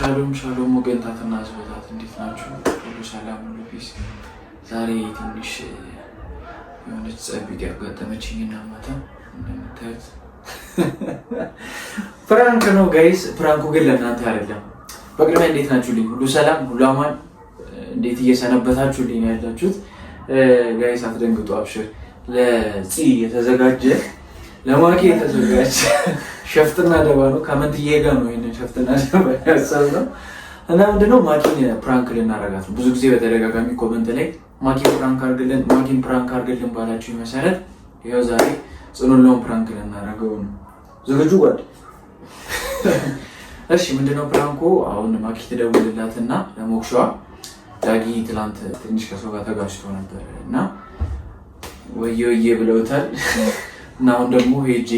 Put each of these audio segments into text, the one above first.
ሻሎም ሻሎም ወገንታትና ህዝቦታት እንዴት ናችሁ? ሁሉ ሰላም፣ ሁሉ ፒስ። ዛሬ ትንሽ የሆነች ጸቢት ያጋጠመችኝና ማታ እንደምታዩት ፕራንክ ነው ጋይስ። ፕራንኩ ግን ለእናንተ አይደለም። በቅድሚያ እንዴት ናችሁልኝ? ሁሉ ሰላም፣ ሁሉ አማን፣ እንዴት እየሰነበታችሁልኝ ያላችሁት ጋይስ? አትደንግጡ፣ አብሽር ለፂ የተዘጋጀ ለማኪ የተዘጋጀ ሸፍትና ደባ ነው። ከመንትዬ ጋር ነው ይሄንን ሸፍትና ደባ ያሰብነው እና ምንድነው ማኪን ፕራንክ ልናረጋት ነው። ብዙ ጊዜ በተደጋጋሚ ኮመንት ላይ ማኪን ፕራንክ አርግልን፣ ማኪን ፕራንክ አርግልን ባላችሁ መሰረት ይኸው ዛሬ ጽኑለውን ፕራንክ ልናረገው ነው። ዝግጁ ጓድ? እሺ ምንድነው ፕራንኮ? አሁን ማኪ ትደውልላትና ለሞክሿ ዳጊ ትላንት ትንሽ ከሰው ጋር ተጋጭቶ ነበር እና ወየ ወየ ብለውታል እና አሁን ደግሞ ሄጄ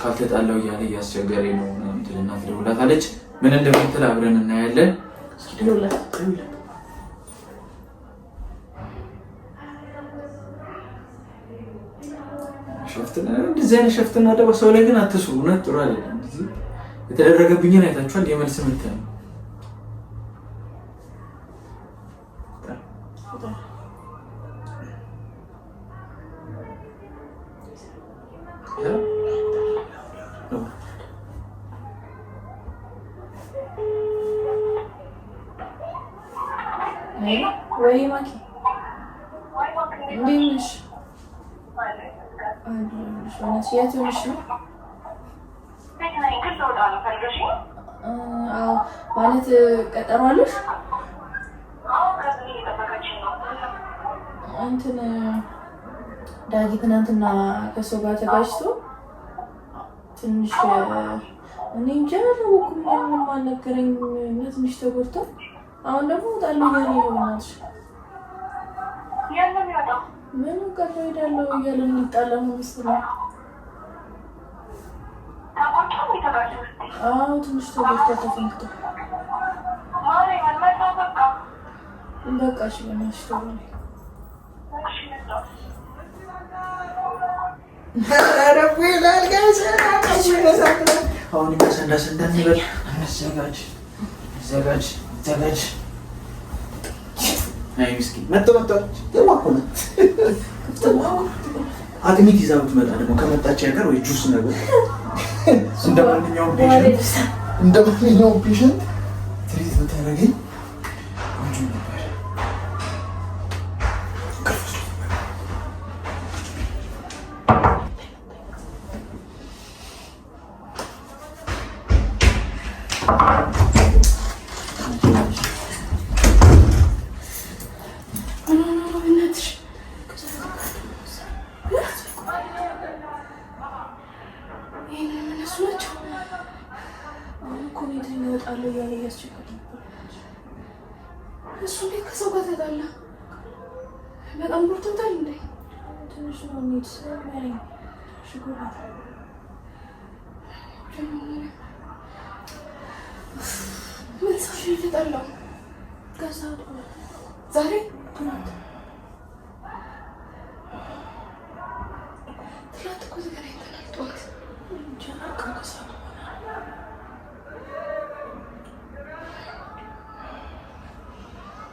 ካልተጣላው እያለ እያስቸገረ ነው ምትል እና ትደውላታለች። ምን እንደምትል አብረን እናያለን። እንደዚህ አይነት ሸፍትና ደባ ሰው ላይ ግን አትስሩ። እውነት ጥሩ አይደለም። የተደረገብኝን አይታችኋል። የመልስ ምት ነው ነች። የት ሆነሽ ነው? ማለት ቀጠሮ አለሽ? እንትን ዳጊ ትናንትና ከሰው ጋር ተጋጭቶ ትንሽ እኔ እንጃ አላወኩም፣ ምንም አልነገረኝም። እና ትንሽ ተጎድቶ አሁን ደግሞ ጣል እያለ ነው ሄዳለሁ እያለ እንጣላ ነው መሰለኝ ትንሽ ተጎድታ ተፈንክቶ በቃ አሁን ሰንዳ ሰንዳ እንበል። ዘጋጅ ዘጋጅ አግሚት ይዛ ብትመጣ ደግሞ ከመጣች ያገር ወይ ጁስ ነገር እንደማንኛውም ፔሽንት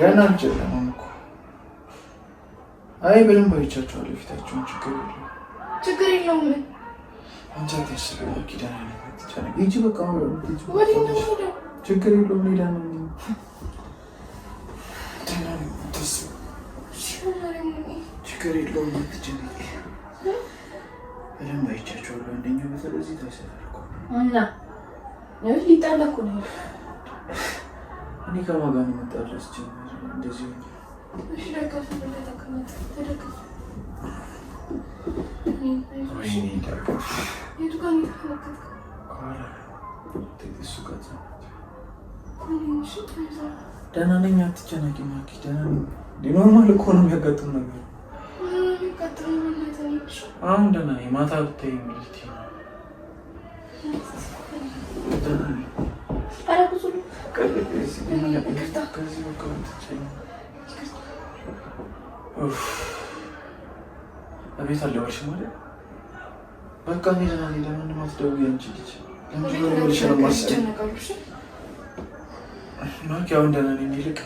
ገና አልጨለመም እኮ። አይ በደንብ አይቻቸዋለሁ ፊታቸውን፣ ችግር የለም ችግር የለውም። ችግር የለውም። ችግር የለውም። በደንብ አይቻቸዋለሁ። አንደኛው በተለዚህ እና ሊጣላ ነው። እኔ ከማን ጋር ደህና ነኝ፣ አትጨነቂ። ማኪ ደህና ነኝ። ኖርማል እኮ ነው የሚያጋጥም ነገር። አሁን ደህና ነኝ። ማታ ብታይ የሚልት ነው እቤት አልደወልሽ ማለት በቃ ሄደና ሄደ። ምንም አትደውይ አንቺ ልጅ ማርክ ያው እንደነ የሚልቅ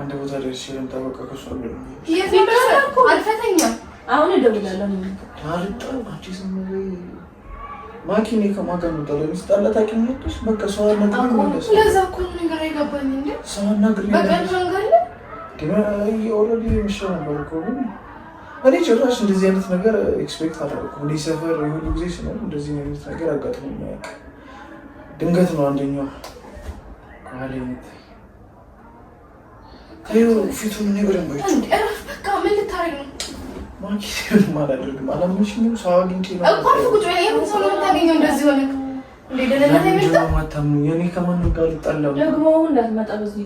አንድ ቦታ ደርሼ ልምጣ። ከሱ አሁን እደውላለሁ። ማኪ እኔ ከማን ጋር ነው እኔ ጭራሽ እንደዚህ አይነት ነገር ኤክስፔክት አደረኩ። እንዲህ ሰፈር የሆኑ ጊዜ ስለሆነ እንደዚህ አይነት ነገር አጋጥሞ ድንገት ነው። አንደኛው ፊቱን እኔ በደንብ ማርኬት አላደርግም አላምንሽም። ሰው አግኝቼ ነው እኔ ከማንም ጋር አልጣላም። ደግሞ እንዳትመጣ በዚህ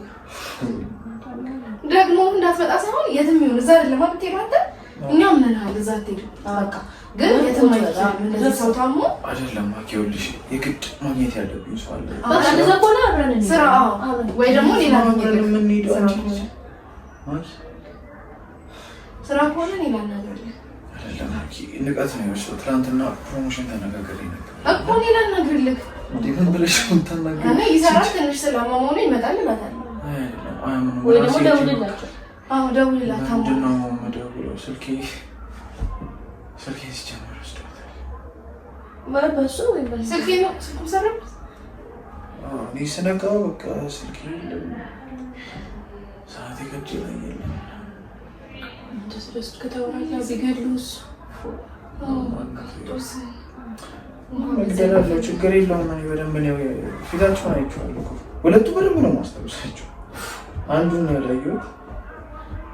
ደግሞ እንዳትመጣ ሳይሆን የትም ይሁን እዛ አይደለም አብቴ ማለት እኛም ምንሃል እዛ አትሄድም። በቃ ግን የትም ታሞ አይደለም ይኸውልሽ፣ የግድ ማግኘት ያለብኝ ሰው አለ። በቃ እንደዚያ ከሆነ አብረን ስራ ወይ ደግሞ ሌላ የምንሄደው ስራ ከሆነ ሌላ ነገር ንቀት ነው የወሰደው። ትናንትና ፕሮሞሽን ተነጋገረኝ ነበር እኮ እኔ ላናግርልህ። ምን ብለሽ ይሰራል ትንሽ ስለማመሆኑ ይመጣል እላታለሁ። ወይ ደግሞ ደውልላቸው። አዎ ደውልላት ምንድን ነው ነው ስልኬ ስልኬ ሲጀመር ወስዶታል። በሱ ስልኬ ነው እኔ ስነቃው በቃ ስልኬ ሰዓት የቀጭ ላይ የለም። መግደላለሁ ችግር የለውም። በደንብ ፊታቸውን አይቼዋለሁ። ሁለቱ በደንብ ነው ማስታወሳቸው። አንዱን ያላየሁት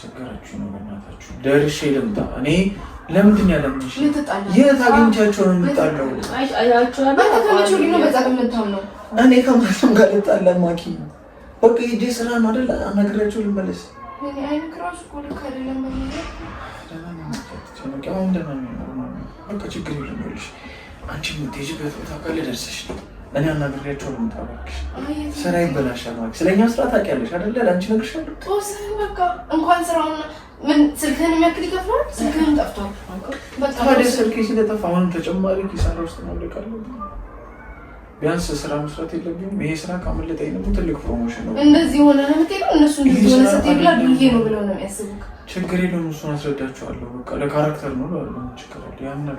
እያስቸገራችሁ ነው። በእናታችሁ ደርሼ ልምጣ። እኔ ለምንድን ነው የት አግኝቻቸው ነው የምጣለው? እኔ ከማንም ጋር ልጣላ ማኪ በቃ ሂጅ። ስራ ነው አይደል? አናግራቸው ልመለስ። በቃ ችግር የለም። አንቺ የምትሄጂበት ቦታ ካለ ደርሰሽ ነው እኔ አናግሬያቸው ነው የምታውቂው። ስራ ይበላሻል ማለት ስለኛ ስራ ታውቂያለሽ አይደለ? ለአንቺ ነግሬሻለሁ። ተወሰነ በቃ እንኳን ስራውን ምን ስልክህን የሚያክል ይከፍላል። ስልክህን ጠፍቷል። ታዲያ ስልኬ ስለጠፋ አሁንም ተጨማሪ ኪሳራ ውስጥ መውደቅ አለብኝ። ቢያንስ ስራ መስራት የለብኝም። ይሄ ስራ ካመለጠኝ ደግሞ ትልቅ ፕሮሞሽን ነው። እንደዚህ ሆነ ነው የምትሄደው። እነሱ እንደዚህ ሆነ ስትሄድ ብላ ብዬ ነው ብለው ነው የሚያስቡት። ችግር የለውም። እሱን አስረዳቸዋለሁ። በቃ ለካራክተር ነው ላሉ ችግር ያምናል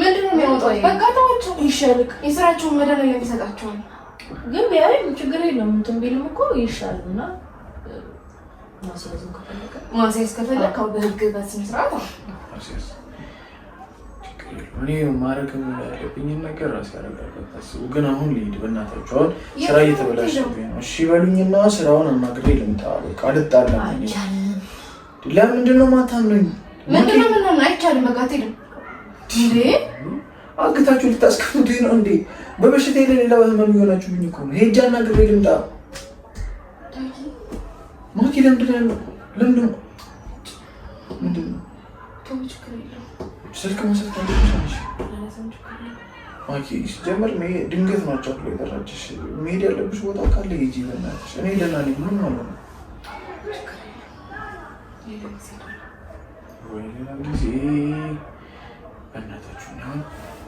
ምንድነው የሚያወጣው? በቃ ተዋቸው ይሻልክ። የስራቸውን መደለል የሚሰጣቸውን ግን ቢያዩ ችግር የለም። እንትን ቢልም እኮ ይሻልና ማስያዝም ማስያዝ ከፈለገ በህግ በስነ ስርዓት እኔ ማድረግ ያለብኝን ነገር ራሴ ያደርጋለሁ። ግን አሁን ልሂድ በእናታችሁ። አሁን ስራ እየተበላሸብኝ ነው። እሺ በሉኝና ስራውን አናግሬ ልምጣ። በቃ አልጣላም። ለምንድን ነው ማታምነኝ? ምንድን ነው ምን አይቻልም። በቃ ትሄድ እንዴ አግታችሁ ልታስቀምጡ ነው እንዴ? በበሽታ ላይ ሌላ ህመም የሆናችሁ ብኝ እኮ ነው። ሄጃ አናግሬ ልምጣ። ማኪ ለምንድን ነው ለምንድን ነው ስልክ መስልክ ማኪ ድንገት ናቸው ብሎ የጠራችሽ። መሄድ ያለብሽ ቦታ ካለ ሂጂ በእናትሽ። እኔ ደህና ነኝ። ምን ማለት ነው? ወይ ሌላ ጊዜ በእናታችሁ ነው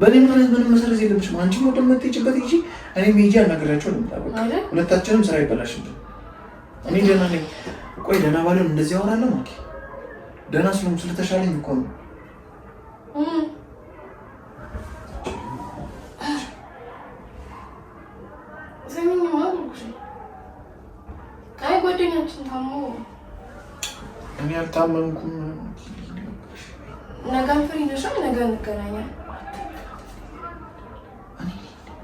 በእኔ ምክንያት ምንም መሰረት የለብሽም። አንቺም ወደ መጥቼበት ሂጂ፣ እኔ ሚዲያ አናግራቸው ነው የምታወቅ። ሁለታችንም ስራ ይበላሽም። እኔ ደህና ነኝ። ቆይ ደህና ባልሆን እንደዚህ አወራለሁ። ማኪ ደህና ስሎም ስለተሻለኝ እኮ ነው። እኔ አልታመምኩም። ነገ ፍሪ ነሽ፣ ነገ እንገናኛለን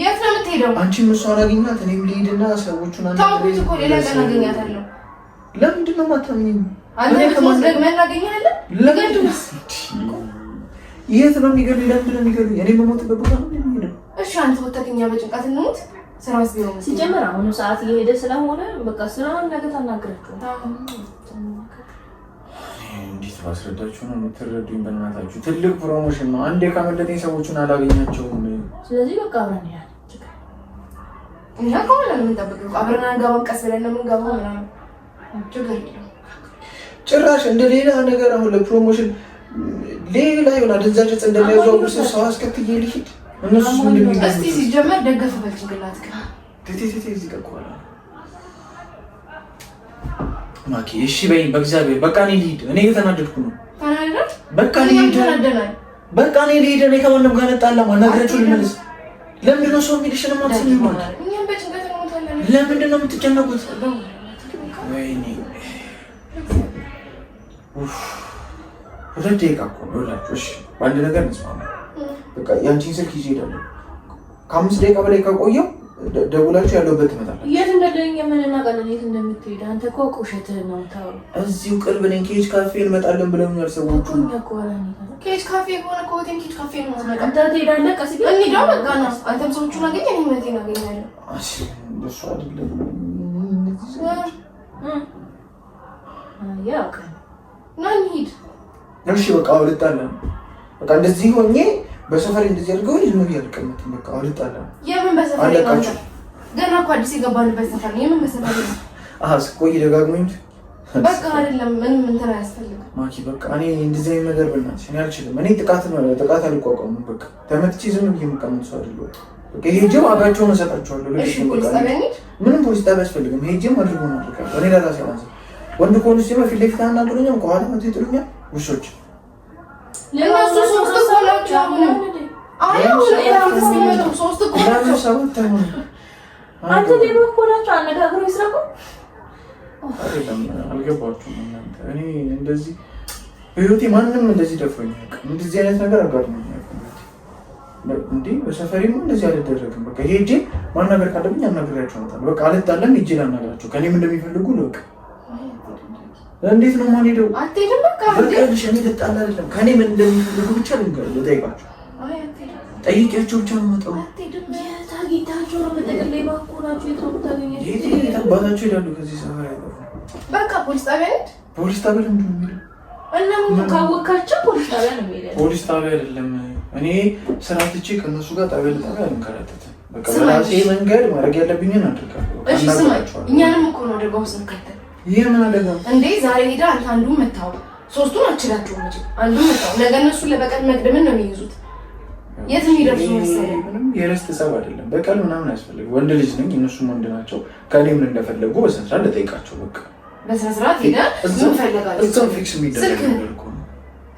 የት ነው የምትሄደው? አንቺም እሷን አግኛት፣ እኔም ልሂድና ሰዎቹን ታውቁት እኮ ሌላ ቀን አገኛታለሁ። ለምንድን ነው የማታምኚኝ? የት ነው የሚገሉኝ? ለምንድን ነው የሚገሉኝ? እኔ የምሞትበት ቦታ ነው የሚሄደው። እሺ አንተ ወተህ በጭንቀት እንሞት። ስራ ሲጀመር አሁኑ ሰዓት እየሄደ ስለሆነ በቃ ስራውን ነገ ታናግራችሁ እንዴት ባስረዳችሁ ነው የምትረዱኝ? በእናታችሁ ትልቅ ፕሮሞሽን ነው። አንዴ ካመለጠኝ ሰዎችን አላገኛቸውም። ስለዚህ በቃ አብረን ያል እኛ ከሆነ የምንጠብቀው አብረን አንገባም። ቀስ ብለን የምንገባው ምናምን ችግር ጭራሽ እንደ ሌላ ነገር አሁን ለፕሮሞሽን ሌላ ይሆን አደንዛዥ ዕፅ እንደሚያዘዋውር ሰው ሰው አስከትዬ ልሂድ። እነሱ ሲጀመር ደገፈ በልጭንቅላት ከ ቴቴቴ እዚህ ጠቋላ ማኪ እሺ በይ፣ በእግዚአብሔር በቃ እኔ ልሂድ። እኔ እየተናደድኩ ነው። በቃ እኔ ልሂድ፣ በቃ እኔ ልሂድ። እኔ ከማንም ጋር አልጣላም። ነገራችሁ ልመልስ። ለምንድን ነው ሰው የሚልሽን የማትሰሚው? ለምንድን ነው የምትጨነቁት? ወይኔ ሁለት ደቂቃ እኮ ነው እላችሁ። እሺ በአንድ ነገር እንስማማ። በቃ ያንቺን ስልክ ይዤ እሄዳለሁ። ከአምስት ደቂቃ በላይ ከቆየው ደውላችሁ ያለሁበት ትመጣላችሁ እንደለኝ የምንናቀለን የት እንደምትሄድ አንተ እኮ ነው የምታወራው። እዚሁ ቅርብ ነኝ። ኬጅ ካፌ እንመጣለን ኬጅ ካፌ ከሆነ ኬጅ ካፌ በቃ አንተም እሺ በቃ አውልጣለን። በቃ እንደዚህ ሆኜ በሰፈር እንደዚህ አድርገው ልጅ ነው ያልቀመጥን። በቃ አውልጣለን። የምን በሰፈር አለቃችሁ ገና እኮ አዲስ የገባንበት ሰፈር ነው። የምን ነው? በቃ አይደለም። ምንም እንትን አያስፈልግም። ማኪ በቃ እኔ እንደዚህ አይነት ነገር እኔ አልችልም። እኔ ጥቃት ጥቃት አልቋቋምም። በቃ ተመትቼ ዝም ብዬ የምቀመጥ ሰው አይደለሁም። እሰጣቸዋለሁ። ምንም ፖሊስ ጣቢያ አድርጎ እኔ ለራሴ ወንድ ከሆኑ ሲመ ፊት ለፊት አናግሩኛም፣ ከኋላ መቶ ይጥሉኛል። ውሾች ሶስት ሰባት አንተ ደግሞ እኮ ናቸው። አነጋግሮ ይስረቁ አልገባችሁም እናንተ። እኔ እንደዚህ በህይወቴ ማንም እንደዚህ ደፍሮኝ እንደዚህ አይነት ነገር አጋጥሞኝ እንዴ በሰፈሪም እንደዚህ አልደረግም። በቃ ሄጄ ማናገር ካለብኝ አናገራቸው ነበር። በቃ አልጣለም ሄጄ ላናገራቸው ከኔም እንደሚፈልጉ ልወቅ። እንዴት ነው ማን የማልሄደው? በቃልሽ እኔ ልጣል አይደለም ከኔም እንደሚፈልጉ ብቻ ልንገር፣ ልጠይቃቸው ጠይቂያቸው ብቻ ነው መጠው ጌታቸው ነው መጠቀም ላይ ባኮናቸው አባታቸው ይላሉ። ከዚህ ሰ በቃ ፖሊስ ጣቢያ ሄድ። ፖሊስ ጣቢያ ለምንድን ነው የሚሄደው? እናም ካወካቸው ፖሊስ ጣቢያ ነው የሚሄደው። ፖሊስ ጣቢያ አይደለም። እኔ ስራ ትቼ ከእነሱ ጋር ጣቢያ ለጣቢያ አልንከራተትም። በቃ በራሴ መንገድ ማድረግ ያለብኝን አድርጋለሁ። እሺ ስማኝ፣ እኛንም እኮ ነው አደጋ ውስጥ ይህ ምን አደጋ እንዴ? ዛሬ ሄዳ አንዱ መታወቅ፣ ሶስቱን አችላቸው እንጂ አንዱ መታወቅ። ነገ እነሱን ለበቀል መቅደምን ነው የሚይዙት የት የሚደርሱ መሰለኝ። ምንም አይደለም፣ በቀል ምናምን አያስፈልግም። ወንድ ልጅ ነኝ፣ እነሱም ወንድ ናቸው። ከኔ እንደፈለጉ በስነስርዓት ልጠይቃቸው። በቃ በስነስርዓት ፊክስ የሚደረግ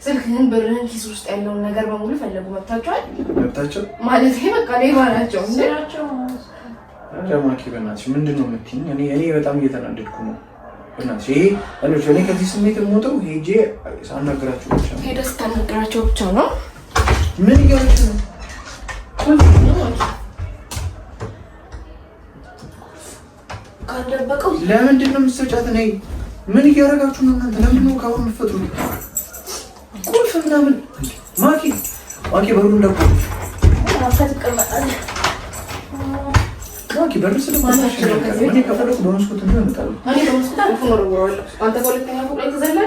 ስልክህን፣ ብርህን፣ ኪስ ውስጥ ያለውን ነገር በሙሉ ፈለጉ። መብታቸዋል፣ መብታቸው ማለት በቃ ሌባ ናቸው ናቸው። በእናትሽ ምንድን ነው የምትይኝ? እኔ በጣም እየተናደድኩ ነው። በእናትሽ ይሄ እኔ ከዚህ ስሜት የምወጣው ሄጄ ሳናግራቸው ብቻ ነው። ሄደህ ስታናግራቸው ብቻ ነው ምን እያለች ነው? ለምንድን ነው የምትሰጫት? ነይ። ምን እያደረጋችሁ ነው እናንተ? ለምንድን ነው ካሁን የምትፈጥሩ? ቁልፍ ምናምን ማኪ ማኪ በሩ እንዳቁ ማኪ በር ስለማናሽ ከፈለኩ በመስኮት ነው ያመጣሉ። አንተ በመስኮት ነው ወረወራለሁ። አንተ በሁለተኛ ፎቅ ላይ ትዘላለህ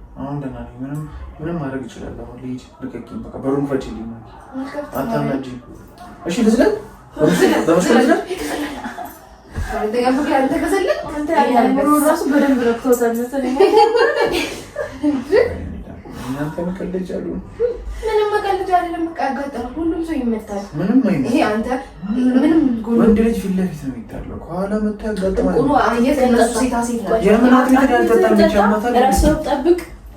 አሁን ደህና ነኝ። ምንም ምንም ማድረግ ይችላል አሁን ልሂድ፣ ልቀቂኝ። በቃ በሩን ፈችልኝ። አታናጂ። እሺ፣ እናንተ መቀለጃ አሉ። ምንም መቀለጃ አይደለም። በቃ ሁሉም ሰው ይመታል። ምንም አይነት ይሄ አንተ ምንም ወንድ ልጅ ፊት ለፊት ነው የሚታለው። ከኋላ መታ ያጋጥማል። ሴታ ሴት የምን አትሌት ያልጠጣ ብቻ ማታ ጠብቅ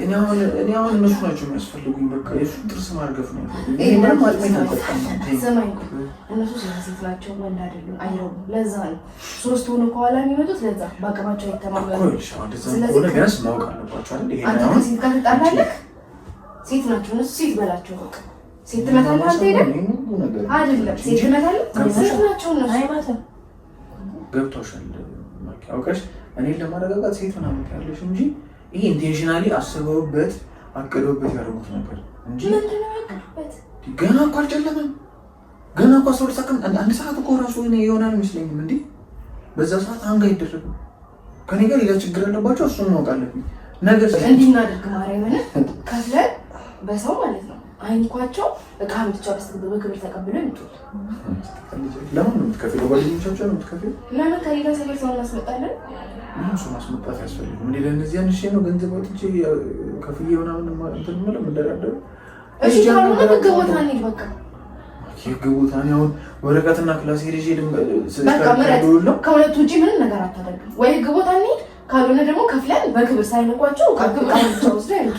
እኔ አሁን እነሱ ናቸው የሚያስፈልጉኝ። በቃ የሱ ጥርስ ማርገፍ ነው። እነሱ ሴት ናቸው፣ ወንድ አይደሉም፣ አይረቡም። ለዛ ሶስት ሆኖ ከኋላ የሚመጡት። ለዛ በአቅማቸው አይተማመኑም። ማወቅ አለባቸው። አንተ ጋር ትጣላለህ። ሴት ናቸው እነሱ። ሴት በላቸው በቃ ሴት ትመታለህ። አንተ ሄደህ አይደለም ሴት ትመታለህ። ሴት ናቸው እነሱ ገብቶሻል። አውቀሽ እኔን ለማረጋጋት ሴት ምናምን ያለሽ እንጂ ይሄ ኢንቴንሽናሊ አስበውበት አቅደውበት ያደረጉት ነገር እንጂ ገና እኮ አልጨለመም። ገና እኮ አስራ ሁለት አንድ ሰዓት እኮ ራሱ የሆነ አይመስለኝም። እንዲ በዛ ሰዓት አንጋ አይደረግም። ከኔ ጋር ሌላ ችግር አለባቸው። እሱን ማወቅ አለብኝ። ነገር እንዲናደርግ ማሪ ምን ከፍለን በሰው ማለት ነው አይንኳቸው እቃህን ብቻ በስተግብ በክብር ተቀብሎ ይምጡት። ለምን ነው የምትከፍይው? ለጓደኞቻቸው ነው የምትከፍይው? ለምን ከሌላ ሰው ቤት ነው እሱ ማስመጣት ያስፈልግም። እኔ ለእነዚህ አንሽ ነው ገንዘብ ወጥቼ ከፍዬ ምናምን እንትን የምለው የምደራደሩ። እሺ ካልሆነ ህግ ቦታ እንሂድ። በቃ ህግ ቦታ እኔ አሁን ወረቀትና ክላስ ሄጄ ልምለው። ከሁለቱ ውጭ ምንም ነገር አታደርግም። ወይ ህግ ቦታ እንሂድ፣ ካልሆነ ደግሞ ከፍለን በክብር ሳይንቋቸው ከክብር ብቻ ወስደ ያልጡ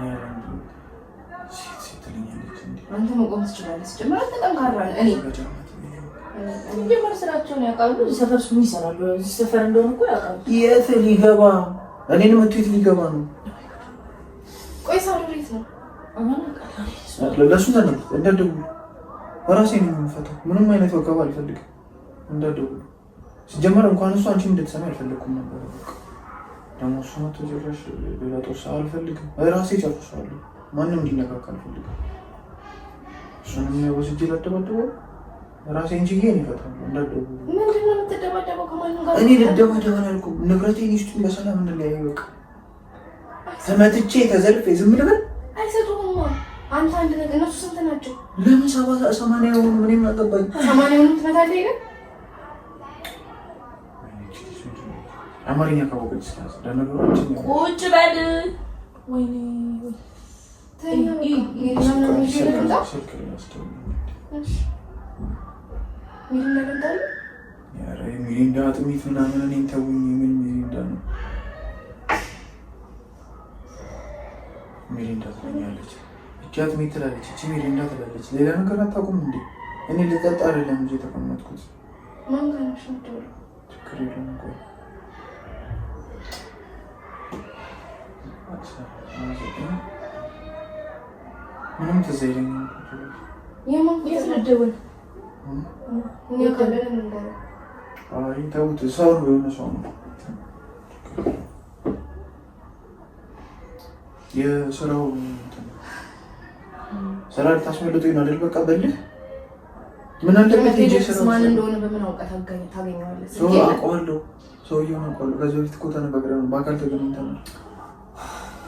አንተ መቆም ትችላለህ። ስጀምር አንተ ጠንካራ ነህ። እኔ ጀምር ስራቸውን ያውቃሉ። እዚህ ሰፈር ሱ ይሰራሉ። እዚህ ሰፈር እንደሆነ እኮ ያውቃሉ። የት ሊገባ እኔን መቶ የት ሊገባ ነው? ቆይ ሰው ቤት ነው ለሱ ዘነ እንዳደጉ በራሴ ነው የምፈታው። ምንም አይነት ወቀባ አልፈልግም። እንዳደጉ ሲጀመር እንኳን እሱ አንቺም እንድትሰማ አልፈለግኩም ነበር። ደግሞ እሱ መቶ ጭራሽ ሌላ ጦር አልፈልግም። ራሴ ጨርሰዋለሁ። ማንም እንዲነካካ አልፈልግም። እሱንም ወስጄ ላደባደበው ራሴን ችዬ ነው እኔ ልደባደብ አላልኩም። ንብረቴን ይስጡኝ በሰላም እንለያይ በቃ። ተመትቼ ተዘልፌ ዝም ልበል? አይሰጡም። አንተ አንድ ነገር እነሱ ስንት ናቸው? ለምን ሰባ ሰማንያ የሆኑ ምንም አገባኝ። ሰማንያ የሆኑ አማርኛ ቁጭ በል ወይኔ ሚሪንዳ አጥሚት ምናምን እኔን ተውኝ። ምን ሚሪንዳ ነው? ሚሪንዳ ትለኛለች፣ እቺ አጥሚት ትላለች፣ እቺ ሚሪንዳ ትላለች። ሌላ ነገር አታውቁም እንዴ? እኔ ልጠጣ አይደለም እንጂ የተቀመጥኩት ችግር የለም እኮ ሰ ምንም ትዝ አይለኝም። ተውት፣ ሰው ነው የሆነ ሰው ነው። የስራው ስራ ልታስመልጡኝ ነው አይደል? በቃ በልህ ምን አለበት እንጂ ማን እንደሆነ በምን አውቀህ ታገኘዋለህ? ሰው አውቀዋለሁ፣ ሰውዬውን አውቀዋለሁ። ከዚህ በፊት እኮ ተነጋግረን በአካል ተገናኝተናል።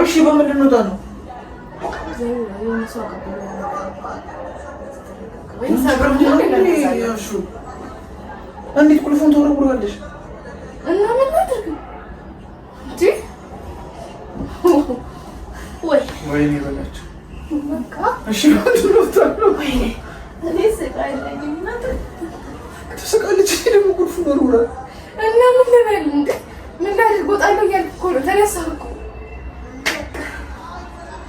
እሺ፣ በምን በምንድን ነው ታዲያ? እንዴት ቁልፉን ተወረውራለሽ? እና ምን ታደርግ ወይ ወይኔ በላቸው። እሺ፣ እኔ ስቃለኝ እናት ትስቃለች። ደግሞ ቁልፉን ወርውራ እና ምን ልበል ምን ላድርግ? ወጣለሁ እያልኩ እኮ ነው ተነሳሁ እኮ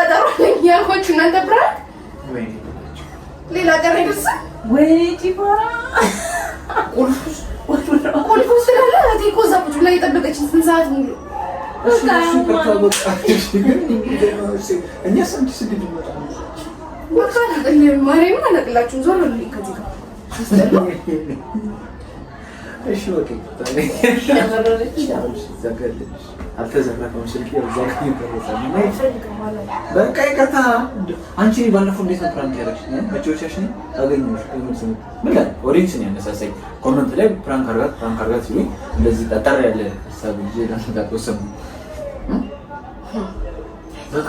ቀጠሮ ያልኳችሁ እናንተ ብራት ሌላ ቀረ ይደርሳ ወይ ዲባራ ቁልፍ ስላለ እቴ እኮ እዛ ቁጭ ብላ የጠበቀችን ስንት ሰዓት ሙሉ ማርያምን አላቅላችሁም ዞር ከዚህ እሺ በቃ ይቅርታ። አንቺ ባለፈው እንዴት ፕራንክ ያደረግሽ? ኦዲንስ ነው ያነሳሳኝ ኮመንት ላይ ፕራንክ ፕራንክ ሲሉኝ እንደዚህ ጠጠር ያለ በቃ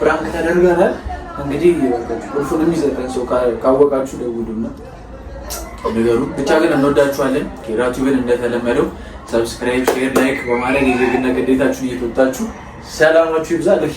ፕራንክ ተደርገናል። እንግዲህ ቁልፉንም ይዘጠን ሰው ካወቃችሁ ደውሉና ነገሩ ብቻ ግን እንወዳችኋለን። ኬራቲብን እንደተለመደው ሰብስክራይብ፣ ሼር፣ ላይክ በማድረግ የዜግነት ግዴታችሁን እየተወጣችሁ ሰላማችሁ ይብዛ። ልክ